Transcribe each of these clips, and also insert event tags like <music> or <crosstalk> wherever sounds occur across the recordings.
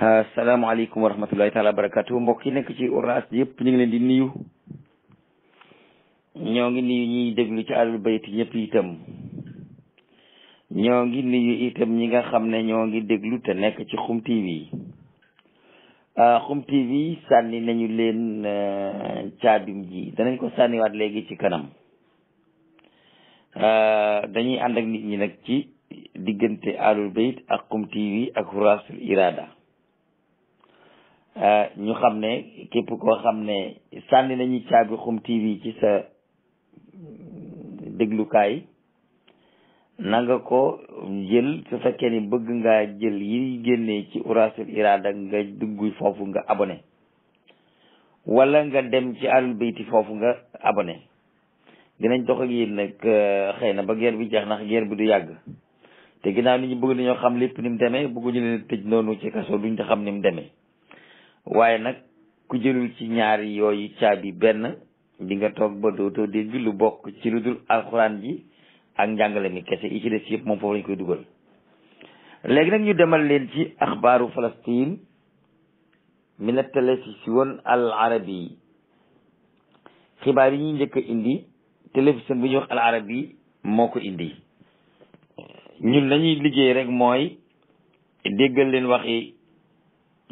asalaamaaleykum wa rahmatullahi taala wa barakatu mbokk yi nekk ci Uras yëpp ñu ngi leen di nuyu ñoo ngi nuyu ñiy déglu ci Ahlul Bayt ñëpp itam ñoo ngi nuyu itam ñi nga xam ne ñoo ngi déglu te nekk ci Xum TV Xum ah, TV sànni nañu leen euh, caabim ji danañ ko sànniwaat léegi ci kanam ah, dañuy ànd ak nit ñi nag ci diggante Ahlul Bayt ak Xum TV ak Urasul Irada Euh, ñu xam ne képp koo xam ne sànni nañu caabi xum TV ci sa déglukaay na nga ko jël su fekkee ni bëgg nga jël yi génnee ci urasul irada nga dugg foofu nga abone walla nga dem ci alul bayti foofu nga abone dinañ dox ak yéen nag euh, xëy na ba guerre bi jeex ndax guerre bi du yàgg te ginnaaw nit ñi bëgg nañoo xam lépp ni mu demee bëgguñu leen tëj noonu ci kaso duñ te xam ni mu demee waaye nag ku jëlul ci ñaari yooyu caabi benn di nga toog ba dootoo dégg lu bokk ci lu dul alxuraan ji ak njàngale mi kese yi ci def yëpp moom foofu lañ koy dugal léegi nag ñu demal leen ci axbaaru Palestine mi na télévision al arabi xibaar yi ñu njëkk indi télévision bu ñuy wax al arabi moo ko indi ñun lañuy liggéey rek mooy déggal leen waxi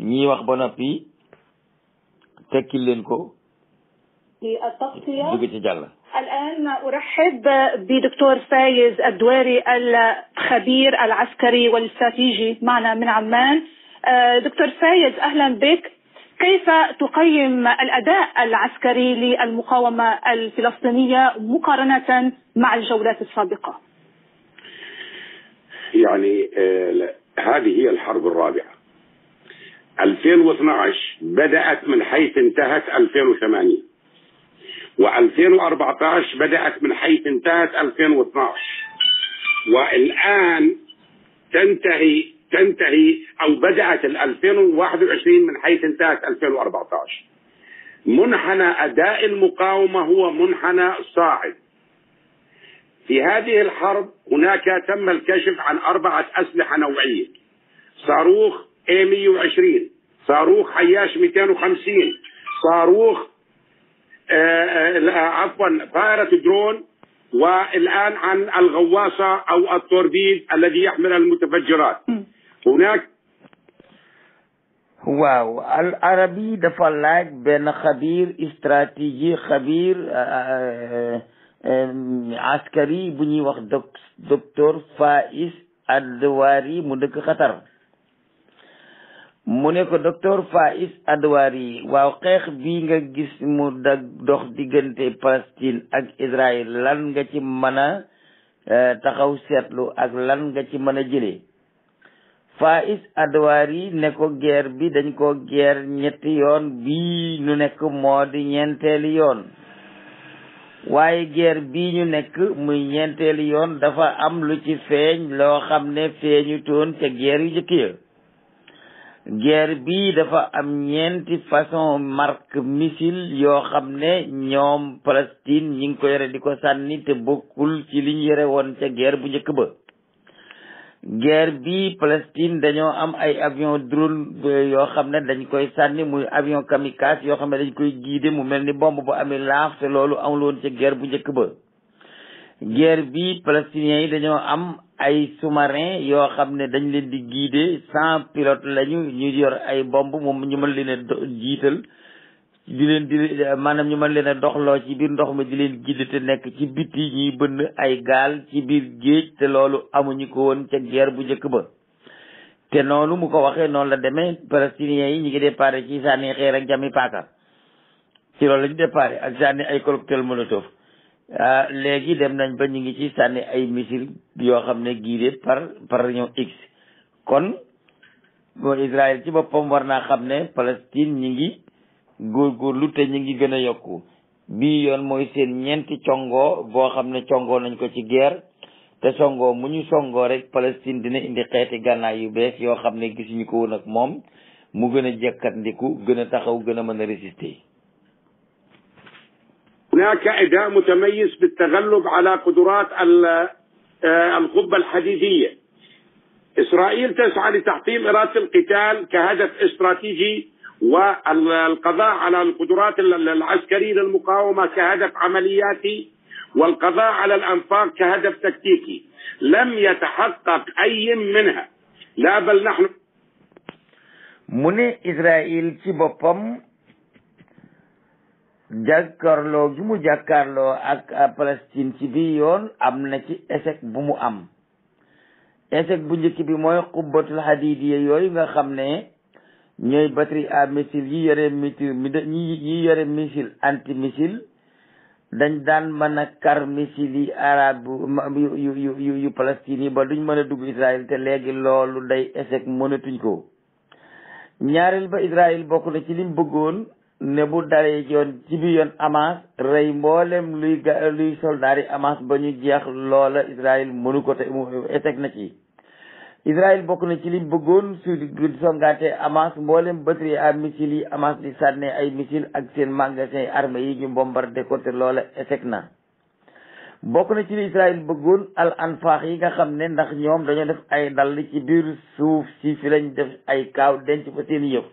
ñii wax ba noppi tekkil leen ko. للتغطية الآن أرحب بدكتور فايز الدواري الخبير العسكري والاستراتيجي معنا من عمان دكتور فايز أهلا بك كيف تقيم الأداء العسكري للمقاومة الفلسطينية مقارنة مع الجولات السابقة يعني هذه هي الحرب الرابعة 2012 بدأت من حيث انتهت 2008 و2014 بدأت من حيث انتهت 2012 والآن تنتهي تنتهي أو بدأت ال 2021 من حيث انتهت 2014 منحنى أداء المقاومة هو منحنى صاعد في هذه الحرب هناك تم الكشف عن أربعة أسلحة نوعية صاروخ 120 صاروخ عياش 250 صاروخ عفوا طائرة درون والآن عن الغواصة أو التوربيد الذي يحمل المتفجرات هناك waaw al arabi dafa laaj benn xabiir stratégie xabiir askari bu ñuy wax docteur Faiz Adwari mu dëkk Qatar mu ne ko docteur Faiz Adwari waaw xeex bii nga gis mu dag dox diggante Palestine ak Israël lan nga ci mën a eh, taxaw seetlu ak lan nga ci mën a jëlee Faiz yi ne ko guerre bi dañ ko guerre ñetti yoon bii ñu nekk moo di ñeenteeli yoon waaye ger bi ñu nekk muy ñeenteeli yoon dafa am lu ci feeñ loo xam ne feeñu toon ca guerre yu jëkk ya guerre bi dafa am ñeenti façon marque missile yoo xam ne ñoom Palestine ñi ngi ko yore di ko sànni te bokkul ci liñ yore woon ca guerre bu njëkk ba guerre bi Palestine dañoo am ay avion drone yoo xam ne dañ koy sànni muy avion kamikaze yoo xam ne dañ koy giide mu mel ni bomb bu amee laaf te loolu amuloon ca guerre bu njëkk ba guerre bi palestiniens yi dañoo am ay sous yoo xam ne dañ leen di guider sans pilote lañu ñu yor ay bomb moom ñu mën leen a jiital di leen di maanaam ñu mën leen a doxloo ci biir ndox mi di leen guider te nekk ci biti ñuy bënn ay gaal ci biir géej te loolu amuñu ko woon ca geer bu njëkk ba te noonu mu ko waxee noonu la demee palestiniens yi ñu ngi déparé ci sànni xeer ak jami paaka ci loolu lañu déparé ak sànni ay cocktail molotov Ah, léegi dem nañ ba ñu ngi ci sànni ay missile yoo xam ne guidé par par rayon X kon boo Israël ci boppam war naa xam ne Palestine ñi ngi góor góorlu te ñi ngi gën a yokku bii yoon mooy seen ñeenti congoo boo xam ne congoo nañ ko ci guerre te songoo mu ñu songoo rek Palestine dina indi xeeti gànnaay yu bees yoo xam ne gisuñu ko woon ak moom mu gën a jekkandiku gën a taxaw gën a mën a résister هناك اداء متميز بالتغلب على قدرات القبه الحديديه. اسرائيل تسعى لتحطيم اراده القتال كهدف استراتيجي والقضاء على القدرات العسكريه للمقاومه كهدف عملياتي والقضاء على الانفاق كهدف تكتيكي. لم يتحقق اي منها. لا بل نحن mu ne Israël ci boppam jàkkaarloo gi mu jàkkaarloo ak euh, Palestine ci bii yoon am na ci échec bu mu am échec bu njëkk bi mooy xubbatul hadidiya yooyu nga xam ne ñooy batterie à missile yi yore missile yi yore missile anti missile dañ daan mën a kar missile yi arabe yu yu yu yu Palestine yi ba duñ mën a dugg Israël te léegi loolu day échec mënatuñ ko ñaareel ba Israël bokk na ci lim bëggoon ne bu daree yoon jibi yoon Hamas rey mboolem luy ga luy soldaari Hamas ba ñu jeex loola Israël mënu ko te na ci Israël bokk na ci li bëggoon su di songaate Hamas mbooleem batterie à missile yi Hamas di sànnee ay missile ak seen magasin armée yi ñu bombardé ko te loola échec na bokk na ci li Israël bëggoon al anfaax yi nga xam ne ndax ñoom dañoo def ay dal ci biir suuf si fi lañ def ay kaaw denc fa seen yëf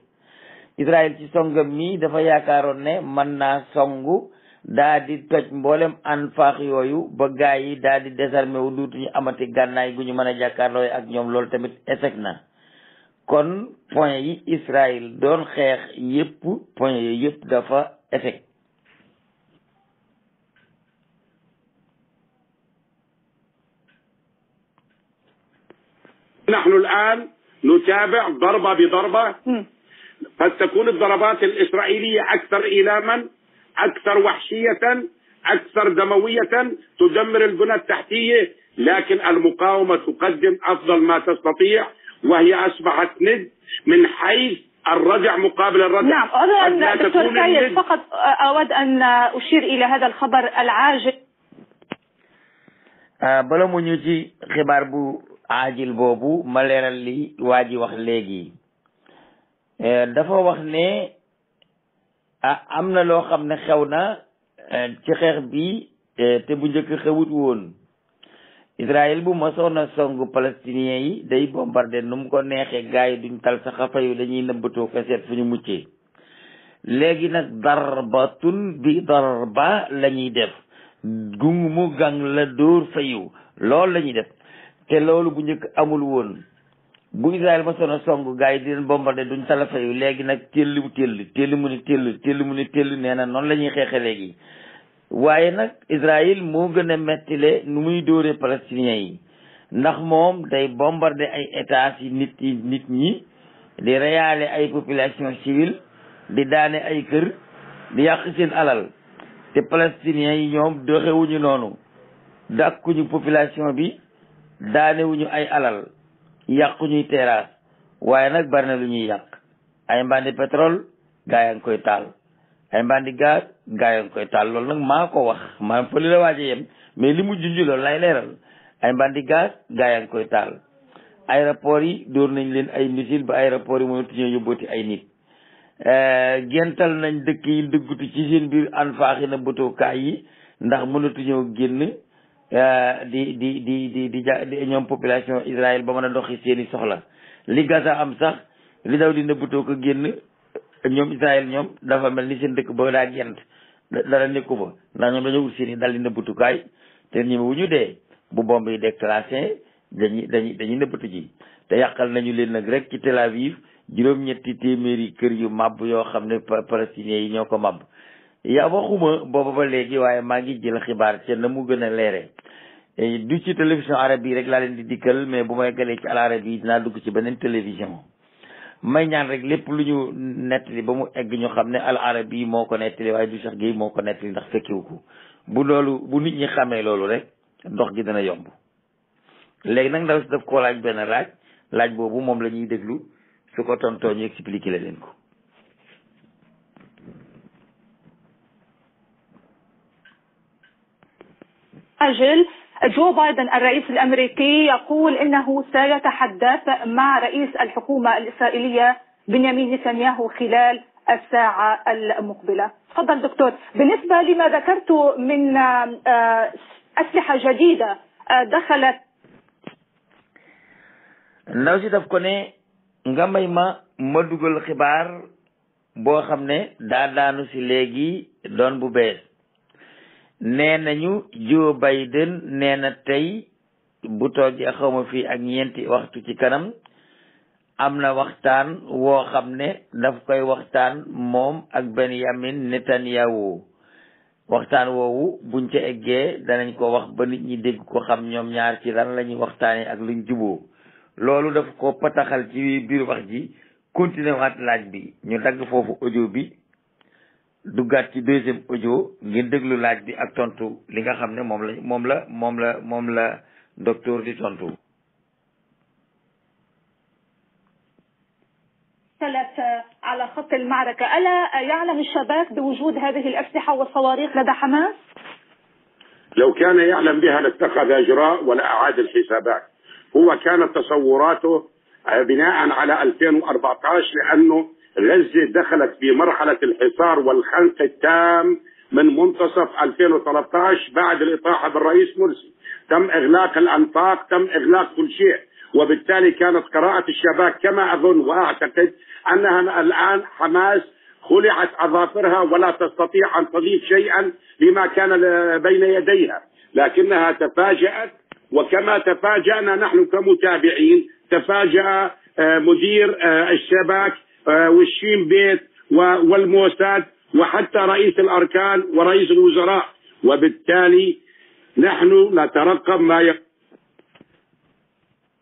Israël ci songam mi dafa yaakaaroon ne mën naa songu daa toj mboolem anfaax yooyu ba gaa yi daa di désarmé wu duutuñu amati gànnaay gu ñu mën a jàkkaarloo ak ñoom loolu tamit échec na kon point yi Israël doon xeex yépp point yépp dafa échec نحن الآن نتابع ضربة بضربة قد تكون الضربات الإسرائيلية أكثر إيلاما أكثر وحشية أكثر دموية تدمر البنى التحتية لكن المقاومة تقدم أفضل ما تستطيع وهي أصبحت ند من حيث الرجع مقابل الرجع نعم أولا دكتور سيد فقط أود أن أشير إلى هذا الخبر العاجل bala mu ñu ci xibaar bu aajil boobu ma leeral li waa ji wax léegi Eh, dafa wax ne a am na loo xam ne xew na eh, ci xeex bi eh, te bu njëkk xewut woon Israël bu mosoon a songu palestiniens yi day bombardé nu mu ko neexee gars yi duñ tal sa xafa dañuy nëbbatoo ko seet fu ñu muccee léegi nag darbatun bi darba la ñuy def gungu mu gang la dóor fayu loolu lañuy def te loolu bu njëkk amul woon bu Israël ma sono song gars yi di leen bombardé duñ talafa yu léegi nag téll téll téll mu ni téll téll mu ni téll nee na noonu la ñuy xeexe léegi waaye nag Israël moo gën a mettile nu muy dóoree palestiniens yi ndax moom day bombardé ay états yi nit yi nit ñi di reyaale ay population civile di daane ay kër di yàq seen alal te palestiniens yi ñoom doxewuñu noonu dàkkuñu population bi daanewuñu ay alal yàqu ñuy terrasse waaye nag bari na lu ñuy yàq ay mbandi pétrole gaa koy taal ay mbandi gaz gaa yaa koy taal loolu nag maa ko wax maanaam fële la waaje yem mais li mu junj loolu lay leeral ay mbandi gaz gaa yaa ngi koy taal aéroport yi dóor nañ leen ay missile ba aéroport yi mënatuñoo yóbbooti ay nit eh, gental nañ dëkk yi dëggutu ci seen biir an faaxi na bëtookaay yi ndax mënatuñoo génn Euh, di di di di di ja ñoom population Israël ba mën a doxi seeni soxla li Gaza am sax li daw di nëbbutoo ko génn ñoom Israël ñoom dafa mel ni seen dëkk ba daa gent dara nekku fa ndax ñoom dañoo wut seeni dal di nëbbutukaay te ñi wu ñu dee bu bomb yi déclassé dañuy dañuy dañuy nëbbatu ji te yàqal nañu leen nag rek ci Tel Aviv juróom-ñetti téeméeri kër yu màbb yoo xam ne palestiniens yi ñoo ko màbb yaa waxuma booba ba léegi waaye maa ngi jël xibaar ca na mu gën a leere e, du ci télévision arabe yi rek laa leen di dikkal mais bu may galee ci al arabe yi dinaa dugg ci beneen télévision may ñaan rek lépp lu ñu nett li ba mu egg ñu xam ne al arab yi moo ko nettali waaye du Cheikh Gueye moo ko nettali ndax fekkiwu ko bu loolu bu nit ñi xamee loolu rek dox gi dana yomb léegi nag ndaw si daf koo laaj benn laaj laaj boobu moom la ñuy déglu su ko tontoo ñu leen ko عاجل جو بايدن الرئيس الامريكي يقول انه سيتحدث مع رئيس الحكومه الاسرائيليه بنيامين نتنياهو خلال الساعه المقبله. تفضل دكتور، بالنسبه لما ذكرته من اسلحه جديده دخلت ndaw si daf ko ne nga may ma ma dugal xibaar boo xam ne daa daanu si léegi doon bu bees nee nañu Joe Biden nee na tey bu toogee xawma fii ak ñeenti waxtu ci kanam am na waxtaan woo xam ne daf koy waxtaan moom ak benn Benyamin Netanyahu waxtaan woowu buñ ci eggee danañ ko wax ba nit ñi dégg ko xam ñoom ñaar ci lan lañuy ñuy waxtaanee ak luñ jiboo loolu daf ko pataxal ci biir wax ji continuer waat laaj bi ñu dagg foofu audio bi duggaat ci deuxième audio ngeen déglu laaj bi ak tontu li nga xam ne moom la moom la moom la moom la docteur di tontu. على خط المعركة ألا يعلم الشباك بوجود هذه الأسلحة والصواريخ لدى حماس؟ لو كان يعلم بها لاتخذ إجراء ولا أعاد الحسابات هو كانت تصوراته بناء على 2014 لأنه غزة دخلت في مرحلة الحصار والخنق التام من منتصف 2013 بعد الإطاحة بالرئيس مرسي تم إغلاق الأنفاق تم إغلاق كل شيء وبالتالي كانت قراءة الشباك كما أظن وأعتقد أنها الآن حماس خلعت أظافرها ولا تستطيع أن تضيف شيئا لما كان بين يديها لكنها تفاجأت وكما تفاجأنا نحن كمتابعين تفاجأ مدير الشباك والشين بيت والموساد وحتى رئيس الأركان ورئيس الوزراء وبالتالي نحن نترقب ما يق...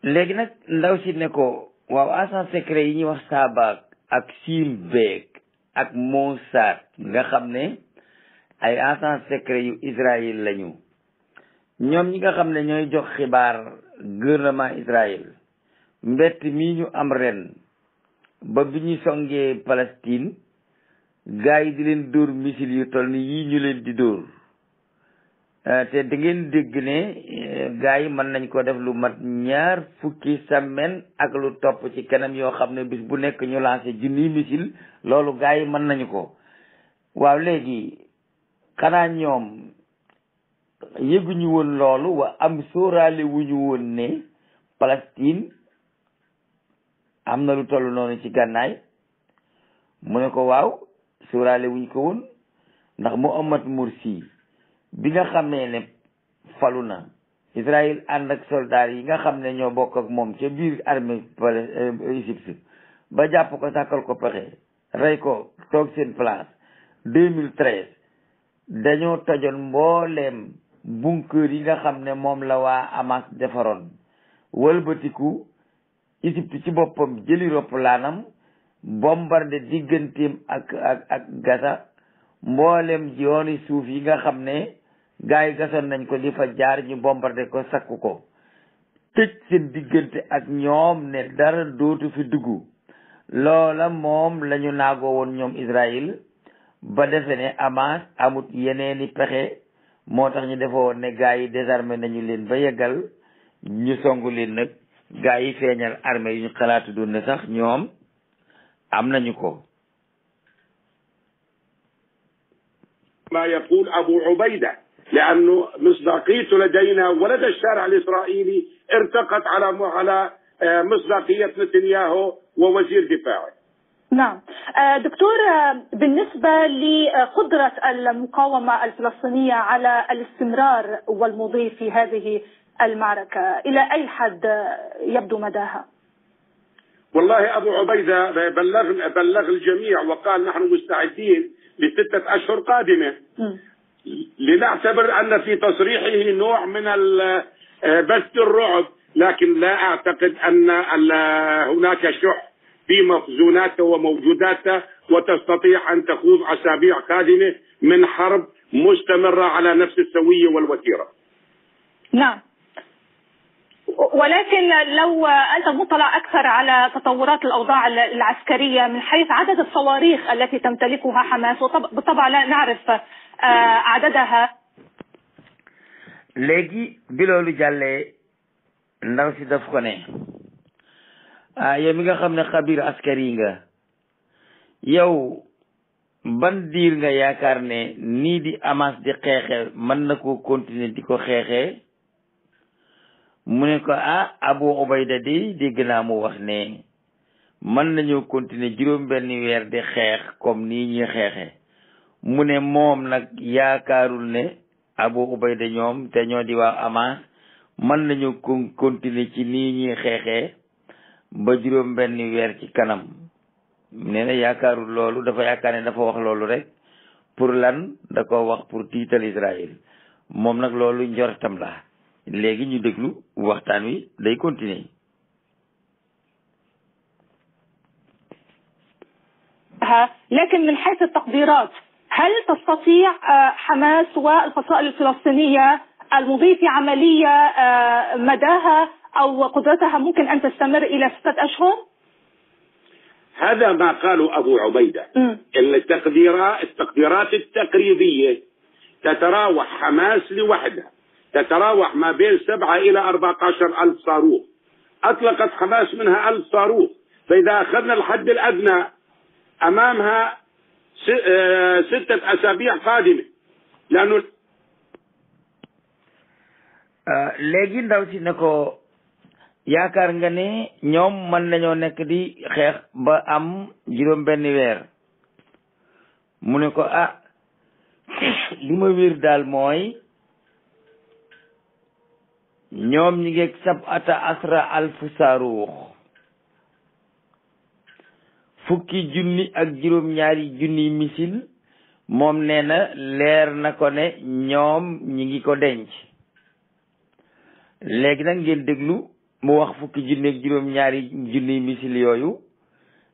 léegi nag ndaw si ne ko waaw agent secret yi ñuy wax saabaak ak siim beeg ak Mossad nga xam ne ay agent secret yu Israël lañu ñoom ñi nga xam ne ñooy jox xibaar gouvernement Israël mbett mii ñu ba bi ñu songee Palestine gars yi di leen dóor missile yu toll ni yii ñu leen di dóor ah, te da ngeen dégg ne eh, gars yi mën nañ ko def lu mat ñaar fukki semaine ak lu topp ci kanam yoo xam ne bis bu nekk ñu lancé junniy missile loolu gaa yi mën nañu ko waaw léegi xanaa ñoom yëguñu woon loolu wa am sóoraale wuñu woon ne Palestine am na lu toll noonu ci gànnaay mu ne ko waaw suuraale wuñ ko woon ndax Muhammad Mursi bi nga xamee ne falu na Israël ànd ak soldaar yi nga xam ne ñoo bokk ak moom ca biir armée euh, Égypte ba jàpp ko sàkkal ko pexe rey ko toog seen place 2013 dañoo tojoon mbooleem bunker yi nga xam ne moom la waa Hamas defaroon wëlbatiku Égypte ci boppam jëli roppalaanam bombardé digganteem ak ak ak Gaza mboolem yooni suuf yi nga xam ne gars yi gasoon nañ ko di fa jaar ñu bombardé ko sakku ko tëj seen diggante ak ñoom ne dara dootu fi dugg loola moom lañu naagoo woon ñoom Israël ba defe ne Hamas amut yeneeni pexe moo tax ñu defe woon ne gars yi désarmé nañu leen ba yeggal ñu songu leen nag gaa yi feeñal armée yi ñu xalaatu doon ne sax ñoom am nañu ko ما يقول أبو عبيدة لأنه مصداقية لدينا ولدى الشارع الإسرائيلي ارتقت على على مصداقية نتنياهو ووزير دفاعه نعم دكتور بالنسبة لقدرة المقاومة الفلسطينية على الاستمرار والمضي في هذه المعركة إلى أي حد يبدو مداها والله أبو عبيدة بلغ, بلغ الجميع وقال نحن مستعدين لستة أشهر قادمة م. لنعتبر أن في تصريحه نوع من بث الرعب لكن لا أعتقد أن هناك شح في مخزوناته وموجوداته وتستطيع أن تخوض أسابيع قادمة من حرب مستمرة على نفس السوية والوتيرة نعم ولكن لو انت مطلع اكثر على تطورات الاوضاع العسكريه من حيث عدد الصواريخ التي تمتلكها حماس وبالطبع لا نعرف عددها léegi bi loolu jàllee ndaw si daf ko ne ah yow mi nga xam ne xabir askari nga yow ban diir nga yaakaar ne nii di amas di xeexe mën na ko continuer di ko xeexee mu ne ko ah abu ubayda day dégg naa mu wax ne man nañoo continuer juróom benn weer di xeex comme nii ñuy xeexe mu ne moom nag yaakaarul ne abu ubayda ñoom te ñoo di wax Hamas man nañoo kon continuer ci nii ñuy xeexee ba juróom benn weer ci kanam nee na yaakaarul loolu dafa yaakaar ne dafa wax loolu rek pour lan da ko wax pour tiital Israël moom nag loolu njortam la léegi ñu déglu waxtaan wi day continuer لكن من حيث التقديرات هل تستطيع حماس والفصائل الفلسطينية المضي في عملية مداها أو قدرتها ممكن أن تستمر إلى ستة أشهر؟ هذا ما قاله أبو عبيدة التقديرات التقديرات التقريبية تتراوح حماس لوحدها تتراوح ما بين سبعة إلى أربعة عشر ألف صاروخ أطلقت حماس منها ألف صاروخ فإذا أخذنا الحد الأدنى أمامها ستة أسابيع قادمة لأنه léegi ndaw si ne ko yaakaar nga ne ñoom mën nañoo nekk di xeex ba am juróom benn weer mu ne ko ah li ma wér daal mooy ñoom ñi ngeeg sab'ata asra alfu saruux fukki junni ak juróom ñaari junni misil moom nee leer na ko ne ñoom ñi ngi ko denc léegi nag ngeen déglu mu wax fukki junni ak juróom ñaari junni misil yooyu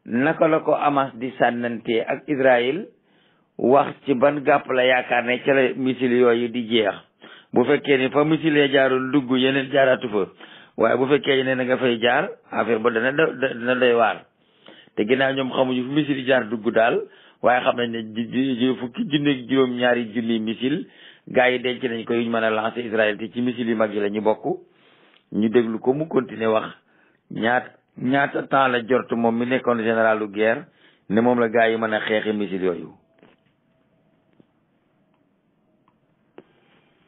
naka la ko Hamas di sànnante ak Israël wax ci ban gàpp la yaakaar ne ca la misil yooyu di jeex bu fekkee ni fa misilee jaarul dugg yeneen jaaraatu fa waaye bu fekkee ne na nga fay jaar affaire ba dana dana doy waar te ginnaaw ñoom xamuñu fu misil jaar dugg daal waaye xam nañ ne fukki junne ak juróom ñaari junni misil gars yi denc nañ ko yuñ mën a lancer Israël te ci misil yu mag yi lañu bokk ñu déglu ko mu continuer wax ñaat ñaata temps la jort moom mi nekkoon général généralu guerre ne moom la gars yi mën a xeexi misil yooyu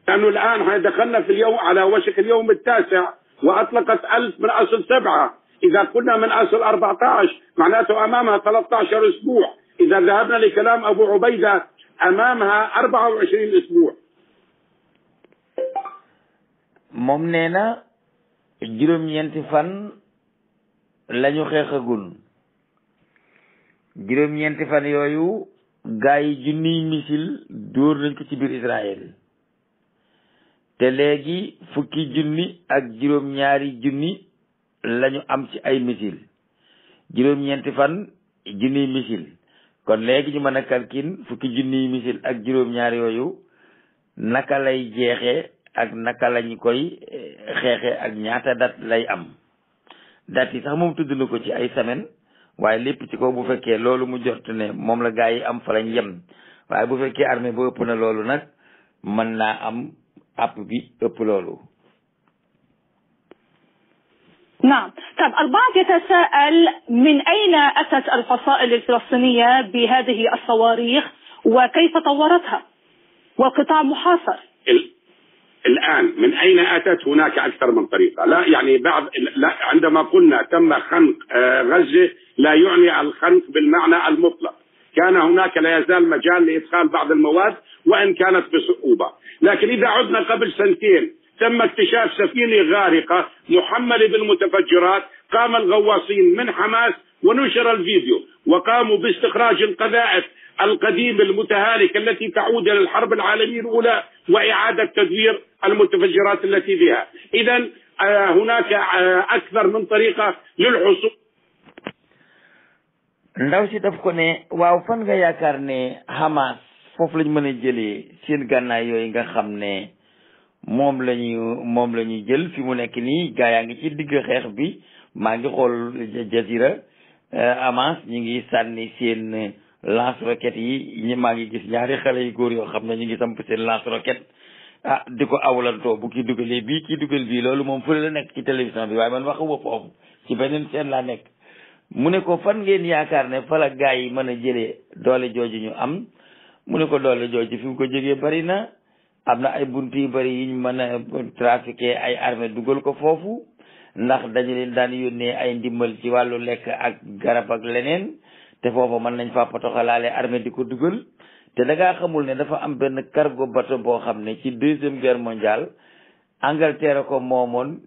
لأنه الآن احنا دخلنا في اليوم على وشك اليوم التاسع وأطلقت ألف من أصل سبعة إذا قلنا من أصل 14 معناته أمامها 13 أسبوع إذا ذهبنا لكلام أبو عبيدة أمامها 24 أسبوع moom nee na juróom-ñeenti fan lañu xeexagul juróom-ñeenti fan yooyu gaa yi junniy misil dóor nañ ko ci biir Israël te léegi fukki junni ak juróom-ñaari junni lañu am ci ay missile juróom-ñeenti fan junniy missile kon léegi ñu mën a kalkin fukki junniy missile ak juróom-ñaar yooyu naka lay jeexee ak naka lañu koy eh, xeexe ak ñaata dat lay am dat yi sax moom tudd ko ci ay semaine waaye lépp ci ko bu fekkee loolu mu jot ne moom la gaa yi am fa lañ yem waaye bu fekkee armée ba ëpp na loolu nag mën naa am app bi ëpp loolu نعم طب البعض يتساءل من أين أتت الفصائل الفلسطينية بهذه الصواريخ وكيف طورتها والقطاع محاصر الآن من أين أتت هناك أكثر من طريقة لا يعني بعض لا عندما قلنا تم خنق غزة لا يعني الخنق بالمعنى المطلق كان هناك لا يزال مجال لإدخال بعض المواد وان كانت بصعوبه، لكن اذا عدنا قبل سنتين تم اكتشاف سفينه غارقه محمله بالمتفجرات، قام الغواصين من حماس ونشر الفيديو وقاموا باستخراج القذائف القديمة المتهالكة التي تعود إلى الحرب العالمية الأولى وإعادة تدوير المتفجرات التي بها إذا هناك أكثر من طريقة للحصول ndaw si daf ko ne waaw fan nga yaakaar ne Hamas foofu lañu mën a jëlee seen gànnaay yooyu nga xam ne moom lañu moom la ñu jël fi mu nekk nii gaa yaa ngi ci digg xeex bi maa ngi xool jazira euh, Hamas ñu ngi sànni seen lance roquette yi ñi maa ngi gis ñaari xale yu góor yoo xam ne ñu ngi samp seen lance roquette ah di ko awlantoo bu kii dugalee bii kii dugal bii loolu moom fële la nekk ci télévision bi waaye man waxuma foofu ci beneen seen laa nekk mu ne ko fan ngeen yaakaar ne fa la gaa yi mën a jëlee doole jooju ñu am mu ne ko doole jooju fi mu ko jógee bari na am na ay bunt yu bari yiñ mën a trafiqué ay armée dugal ko foofu ndax dañu leen daan yónnee ay ndimbal ci wàllu lekk ak garab ak leneen te foofa mën nañ faa potoxalaale armée di ko dugal te da ngaa xamul ne dafa am benn cargo bateau boo xam ne ci deuxième guerre mondiale Angleterre ko moomoon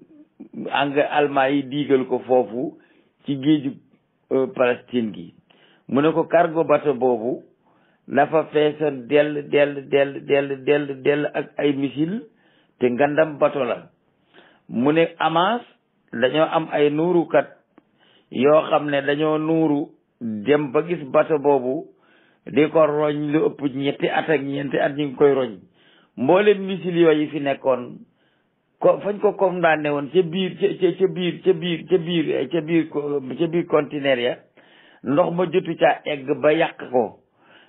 ang Allemagne yi diigal ko foofu ci géeju euh, Palestine gi mu ne ko cargo bateau boobu dafa feesoon dell dell dell dell ak ay missile te ngandam bato la mu ne Hamas dañoo am ay nuurukat yoo xam ne dañoo nuuru dem ba gis bato boobu di ko roñ lu ëpp ñetti at ak ñeenti at ñu ngi koy roñ mboolem missile yooyu fi nekkoon ko fañ ko condamné woon ca biir ca ca biir ca biir ca biir ca biir ca biir conteneur ya ndox ma jotu ca egg ba yàq ko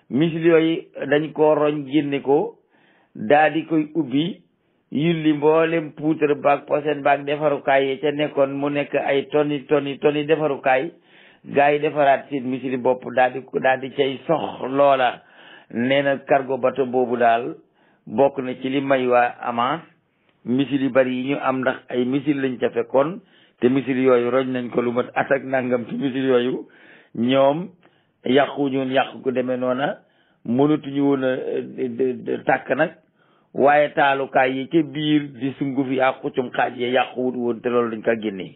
misil yooyu dañ ko roñ génne ko daa di koy ubbi yulli mboolem puutar baag posen baag defarukaay yi ca nekkoon mu nekk ay toni toni toni defarukaay gars yi defaraat seen misili bopp daal di daal cay sox loola nee na cargo bato boobu daal bokk na ci li may waa Hamas misil yu bari yi ñu am ndax ay misil lañ ca fekkoon te misil yooyu roñ nañ ko lu mat at nàngam nangam ci misil yooyu ñoom yàqu ñun yàq gu demee noona mënatuñu woon a tàkk nag waaye taalukaay yi ca biir di sunguf yàqu cum xaaj yi yàqu wut woon te loolu dañ ko génnee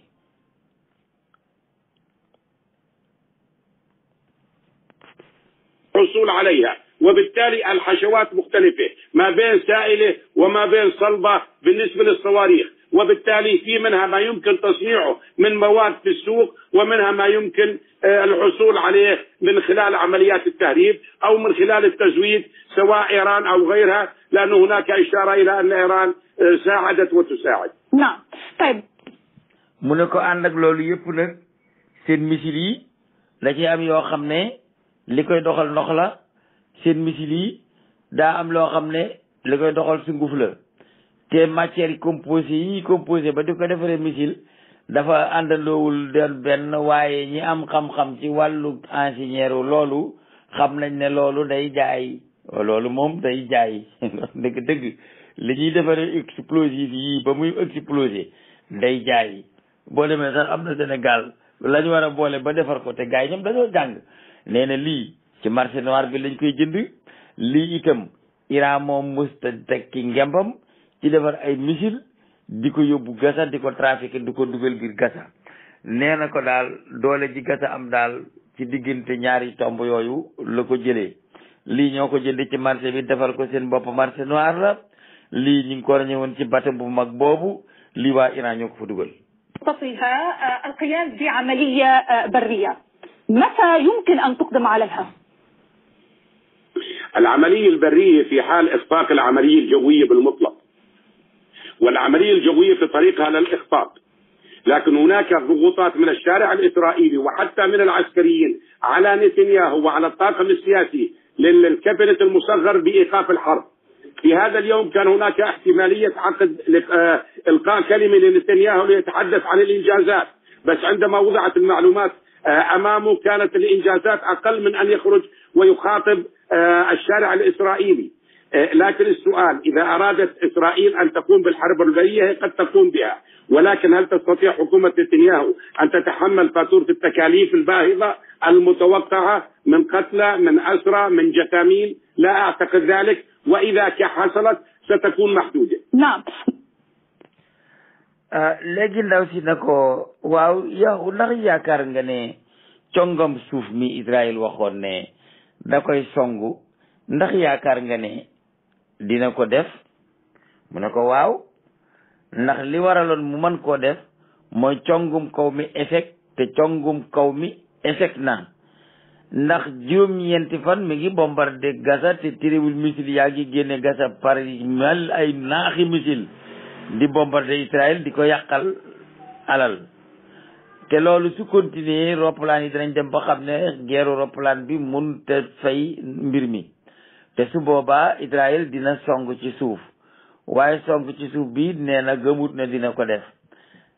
الحصول عليها وبالتالي الحشوات مختلفة ما بين سائلة وما بين صلبة بالنسبة للصواريخ وبالتالي في منها ما يمكن تصنيعه من مواد في السوق ومنها ما يمكن الحصول عليه من خلال عمليات التهريب او من خلال التزويد سواء ايران او غيرها لان هناك اشاره الى ان ايران ساعدت وتساعد. نعم طيب. mu ne ko ànd ak loolu yëpp nag seen misil yi da ci am yoo xam ne li koy doxal ndox la seen misil yi daa am loo xam ne li koy doxal sunguf la. te matière composé yi ñuy composé ba di ko defaree missile dafa àndandoowul doon benn waaye ñi am xam-xam ci wàllu ingénieur loolu xam nañ ne loolu day jaay loolu moom day jaay <laughs> dëgg dëgg li ñuy defaree explosif yii ba muy explosé day jaay boo demee sax am na Sénégal lañu war a boole ba defar ko te gars ñoom dañoo jàng nee lii ci marché noir bi lañ koy jënd lii itam Iran moom musta tekki ngembam ci defar ay missile di ko yóbbu Gaza di ko trafiqué di ko dugal biir Gaza nee na ko daal doole ji Gaza am daal ci diggante ñaari tomb yooyu la ko jëlee lii ñoo ko jënd ci marché bi defar ko seen bopp marché noir la lii ñu ngi ko ñëwoon ci bateau bu mag boobu lii waa Iran ñoo ko fa dugal. تستطيع القيام بعملية برية متى يمكن أن تقدم عليها؟ العملية البرية في حال إطلاق العملية الجوية بالمطلق والعملية الجوية في طريقها للإخفاق لكن هناك ضغوطات من الشارع الإسرائيلي وحتى من العسكريين على نتنياهو وعلى الطاقم السياسي للكابينت المصغر بإيقاف الحرب في هذا اليوم كان هناك احتمالية عقد إلقاء كلمة لنتنياهو ليتحدث عن الإنجازات بس عندما وضعت المعلومات امامه كانت الانجازات اقل من ان يخرج ويخاطب الشارع الاسرائيلي لكن السؤال إذا أرادت إسرائيل أن تقوم بالحرب البرية هي قد تقوم بها ولكن هل تستطيع حكومة نتنياهو أن تتحمل فاتورة التكاليف الباهظة المتوقعة من قتلى من أسرى من جثامين لا أعتقد ذلك وإذا حصلت ستكون محدودة نعم léegi ndaw si na ko waaw yow ndax yaakaar nga ne congam suuf mi Israël waxoon ne da koy songu ndax yaakaar nga ne dina ko def mu ne ko waaw ndax li waraloon mu mën koo def mooy congum kaw mi échec te congum kaw mi échec na ndax juróom-ñeenti fan mi ngi bombardé Gaza te téréwul misil yaa ngi génne Gaza par mel ay naaxi misil di bombardé Israël di ko yàqal alal te loolu su continuer roppalaan yi danañ dem ba xam ne geeru roppalaan bi mun te fay mbir mi te su boobaa Israël dina song ci suuf waaye song ci suuf bi nee na gëmut ne dina ko def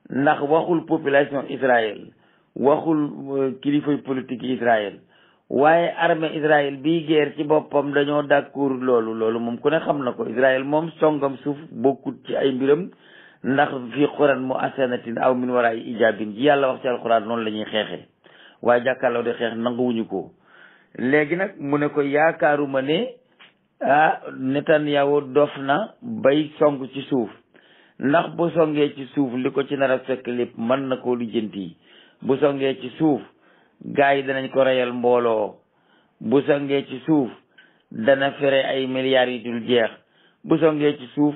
ndax waxul population Israël waxul euh, kilifa politique yi Israël waaye armée Israël bii guerre ci boppam dañoo d'accord loolu loolu moom ku ne xam na ko Israël moom songam suuf bokkut ci ay mbiram ndax fii quran mu asanatin aw min waraay ijaabin yàlla wax ci alquran noonu lañuy xeexee waaye jàkkaarloo di xeex nanguwuñu ko léegi nag mu ne ko yaakaaruma ne ah Netanyahu dof na bay song ci suuf ndax bu songee ci suuf li ko ci nar a fekk lépp mën na ko koo lijjanti bu songee ci suuf gars yi danañ ko reyal mbooloo bu songee ci suuf dana ay milliards yu jeex bu songee ci suuf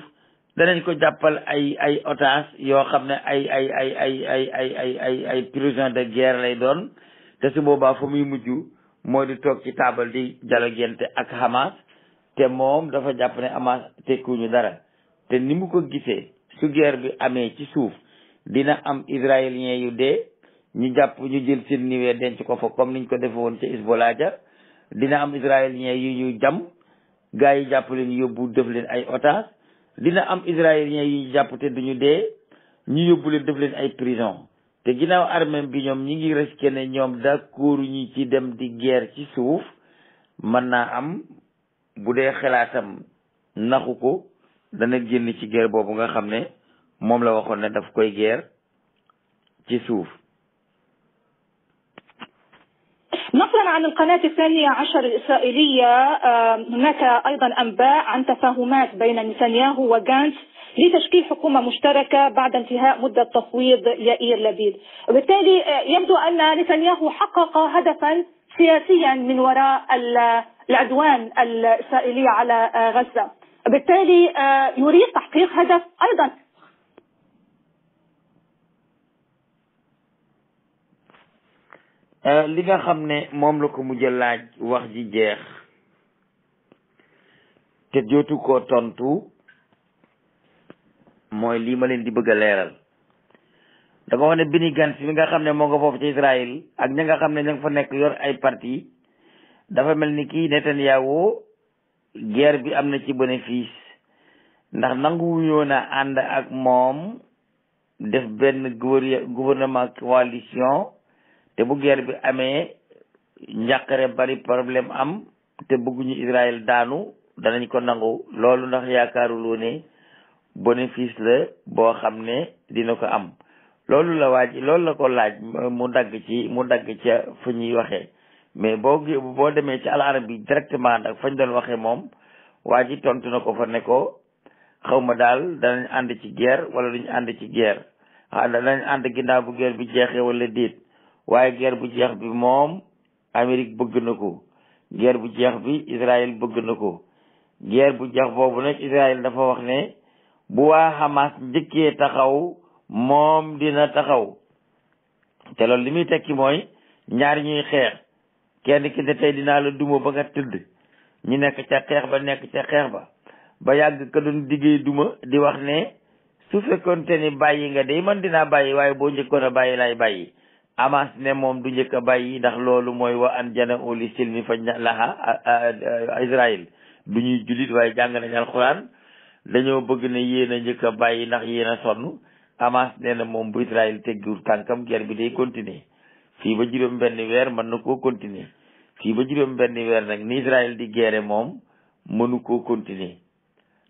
danañ ko jàppal ay ay otage yoo xam ne ay ay ay ay ay ay ay ay ay prison de guerre lay doon te su boobaa fa muy mujj moo di toog ci taabal di dialoguer ak Hamas te moom dafa jàpp ne Hamas tekkuñu dara te ni mu ko gisee su guerre bi amee ci suuf dina am israélien yu dee ñu jàpp ñu jël seen niwee denc ko fa comme niñ ko defe woon ci Hezbollah ja dina am israélien yu ñu jam gaa yi jàpp leen yóbbu ay otage dina am israélien yu ñu jàpp te duñu dee ñu yóbbu leen def leen ay prison te ginnaaw armée bi ñoom ñi ngi risqué ne ñoom d'accord ñu ci dem di guerre ci suuf mën naa am bu dee xalaatam naxu ko dana génn ci guerre boobu nga xam ne moom la waxoon ne daf koy guerre ci suuf نقلا عن القناة الثانية عشر الإسرائيلية هناك أيضا أنباء عن تفاهمات بين نتنياهو وغانتس لتشكيل حكومة مشتركة بعد انتهاء مدة تفويض يائير لبيد وبالتالي يبدو أن نتنياهو حقق هدفا سياسيا من وراء العدوان الإسرائيلي على غزة بالتالي يريد تحقيق هدف أيضا li nga xam ne moom la ko mujj laaj wax ji jeex te jootu ko tontu mooy lii ma leen di bëgg a leeral da nga wax ne Benny Gantz bi nga xam ne moo nga foofu ci Israël ak ña nga xam ne ña nga fa nekk yor ay parti dafa mel ni kii Netanyahu guerre bi am na ci bénéfice ndax nanguwuñoon a ànd ak moom def benn gouvernement coalition te bu guerre bi amee njàqare bari problème am te bëgguñu Israël daanu danañ ko nangu loolu ndax yaakaaruloo ne bénéfice la boo xam ne dina ko am loolu la waaj loolu la ko laaj mu dagg ci mu dagg ca fu ñuy waxee mais boo boo demee ci alarab bi directement nag fañ doon waxee moom waa ji tontu na ko fa ne ko xaw ma daal danañ ànd ci guerre wala duñ ànd ci guerre ah ànd ginnaaw bu guerre bi jeexee wala déet waaye guerre bu jeex bi moom Amérique bëgg na ko geer bu jeex bi Israël bëgg na ko guerre bu jeex boobu nag Israël dafa wax ne bu waa Hamas njëkkee taxaw moom dina taxaw te loolu li muy tekki mooy ñaar ñuy xeex. kenn ki ne tey dinaa la duma ba nga tëdd ñu nekk ca xeex ba nekk ca xeex ba ba yàgg ka doon diggee duma di wax ne su fekkoon te ni bàyyi nga de man dinaa bàyyi waaye boo njëkkoon a bàyyi laay bàyyi amas ne moom du njëkk a bàyyi ndax loolu mooy wa an jana uli silmi fa laha Israël du ñuy jullit waaye jàng nañ alxuraan dañoo bëgg na yéen a njëkk a bàyyi ndax yéen a sonn amas nee na moom bu Israël teggiwul tànkam guerre bi day continuer fii ba juróom benn weer mën na koo fii ba juróom benn weer nag ni Israël di guerre moom mënu koo continuer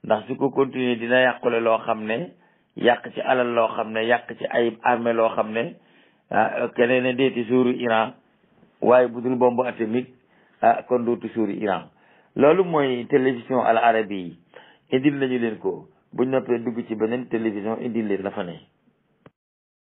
ndax su ko continuer dina yàqule loo xam ne yàq ci alal loo xam ne yàq ci ay armée loo xam ne ah keneen ne deeti suuru Iran waaye bu dul bombe atomique ah kon dootu suuru Iran loolu mooy télévision al arabi yi indil nañu leen ko buñ noppee dugg ci beneen télévision indi leen la fa ne